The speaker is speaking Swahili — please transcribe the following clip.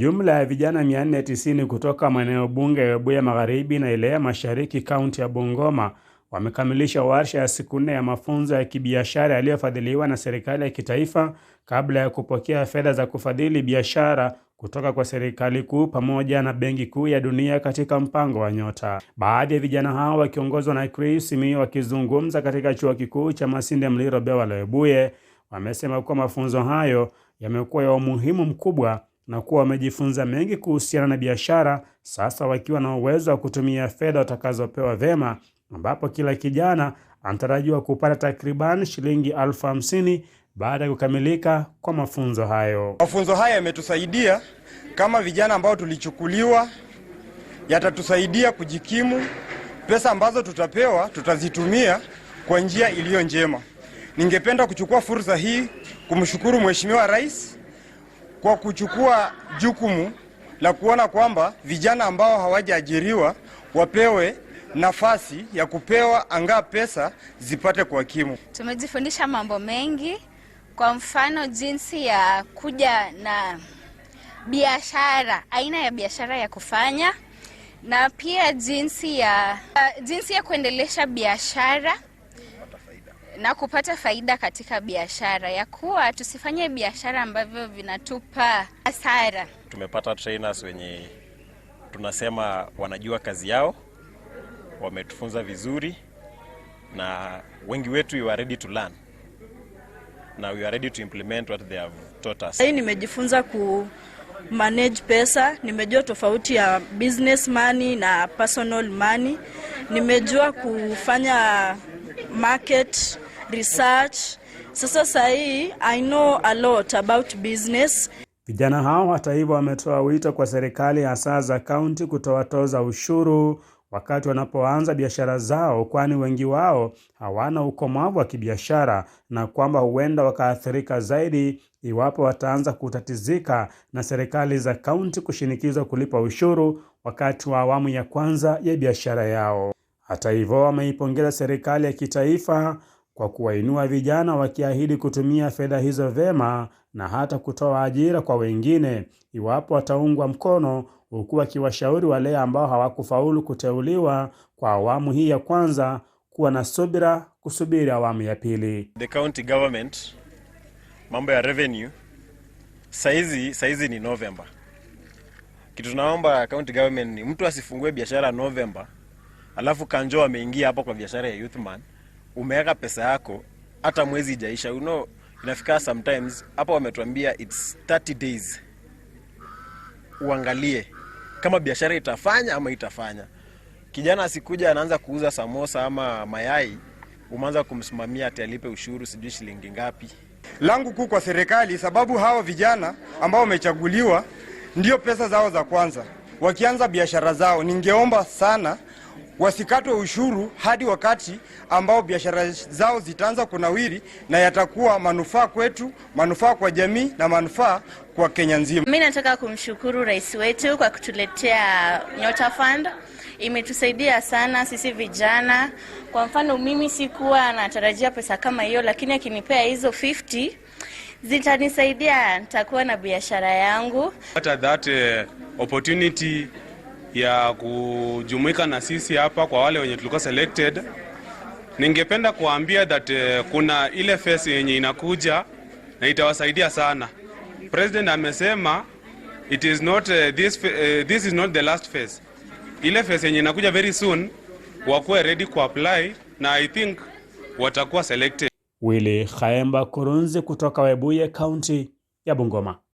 Jumla ya vijana 490 kutoka maeneo bunge ya Webuye Magharibi na Ilea Mashariki, kaunti ya Bungoma wamekamilisha warsha ya siku nne ya mafunzo ya kibiashara yaliyofadhiliwa na serikali ya kitaifa kabla ya kupokea fedha za kufadhili biashara kutoka kwa serikali kuu pamoja na Benki Kuu ya Dunia katika mpango wa Nyota. Baadhi ya vijana hao wakiongozwa na Chris Mi wakizungumza katika Chuo Kikuu cha Masinde Mliro Bewa la Webuye wamesema kuwa mafunzo hayo yamekuwa ya umuhimu mkubwa na kuwa wamejifunza mengi kuhusiana na biashara, sasa wakiwa na uwezo wa kutumia fedha watakazopewa vyema, ambapo kila kijana anatarajiwa kupata takriban shilingi elfu hamsini baada ya kukamilika kwa mafunzo hayo. Mafunzo haya yametusaidia kama vijana ambao tulichukuliwa, yatatusaidia kujikimu. Pesa ambazo tutapewa tutazitumia kwa njia iliyo njema. Ningependa kuchukua fursa hii kumshukuru Mheshimiwa Rais kwa kuchukua jukumu la kuona kwamba vijana ambao hawajaajiriwa wapewe nafasi ya kupewa angaa pesa zipate kimu. Tumejifundisha mambo mengi, kwa mfano jinsi ya kuja na biashara, aina ya biashara ya kufanya na pia jinsi ya, jinsi ya kuendelesha biashara na kupata faida katika biashara, ya kuwa tusifanye biashara ambavyo vinatupa hasara. Tumepata trainers wenye tunasema wanajua kazi yao, wametufunza vizuri, na wengi wetu we are ready to learn na we are ready to implement what they have taught us. Hii nimejifunza ku manage pesa, nimejua tofauti ya business money na personal money, nimejua kufanya market research. Sasa sahi, I know a lot about business. Vijana hao hata hivyo wametoa wito kwa serikali hasa za kaunti kutowatoza ushuru wakati wanapoanza biashara zao, kwani wengi wao hawana ukomavu wa kibiashara na kwamba huenda wakaathirika zaidi iwapo wataanza kutatizika na serikali za kaunti kushinikizwa kulipa ushuru wakati wa awamu ya kwanza ya biashara yao. Hata hivyo, wameipongeza serikali ya kitaifa kwa kuwainua vijana wakiahidi kutumia fedha hizo vyema na hata kutoa ajira kwa wengine iwapo wataungwa mkono, huku wakiwashauri wale ambao hawakufaulu kuteuliwa kwa awamu hii ya kwanza kuwa na subira kusubiri awamu ya pili. The county government, mambo ya revenue saizi, saizi ni November. Kitu tunaomba county government ni mtu asifungue biashara November alafu Kanjo ameingia hapa kwa biashara ya Youthman umeweka pesa yako hata mwezi ijaisha, you know, inafika sometimes hapa wametuambia it's 30 days uangalie kama biashara itafanya ama itafanya. Kijana asikuja anaanza kuuza samosa ama mayai, umeanza kumsimamia ati alipe ushuru sijui shilingi ngapi. Langu kuu kwa serikali, sababu hawa vijana ambao wamechaguliwa ndio pesa zao za kwanza wakianza biashara zao, ningeomba sana wasikatwe ushuru hadi wakati ambao biashara zao zitaanza kunawiri na yatakuwa manufaa kwetu, manufaa kwa jamii na manufaa kwa Kenya nzima. Mimi nataka kumshukuru rais wetu kwa kutuletea Nyota Fund. Imetusaidia sana sisi vijana. Kwa mfano, mimi sikuwa natarajia pesa kama hiyo, lakini akinipea hizo 50 zitanisaidia, nitakuwa na biashara yangu. Hata that uh, opportunity ya kujumuika na sisi hapa kwa wale wenye tulikuwa selected. Ningependa kuambia that uh, kuna ile phase yenye inakuja na itawasaidia sana. President amesema it is not uh, this, uh, this is not the last phase. Ile phase yenye inakuja very soon wakuwe ready apply na I think watakuwa selected. Willy Khaemba Kurunzi kutoka Webuye, kaunti ya Bungoma.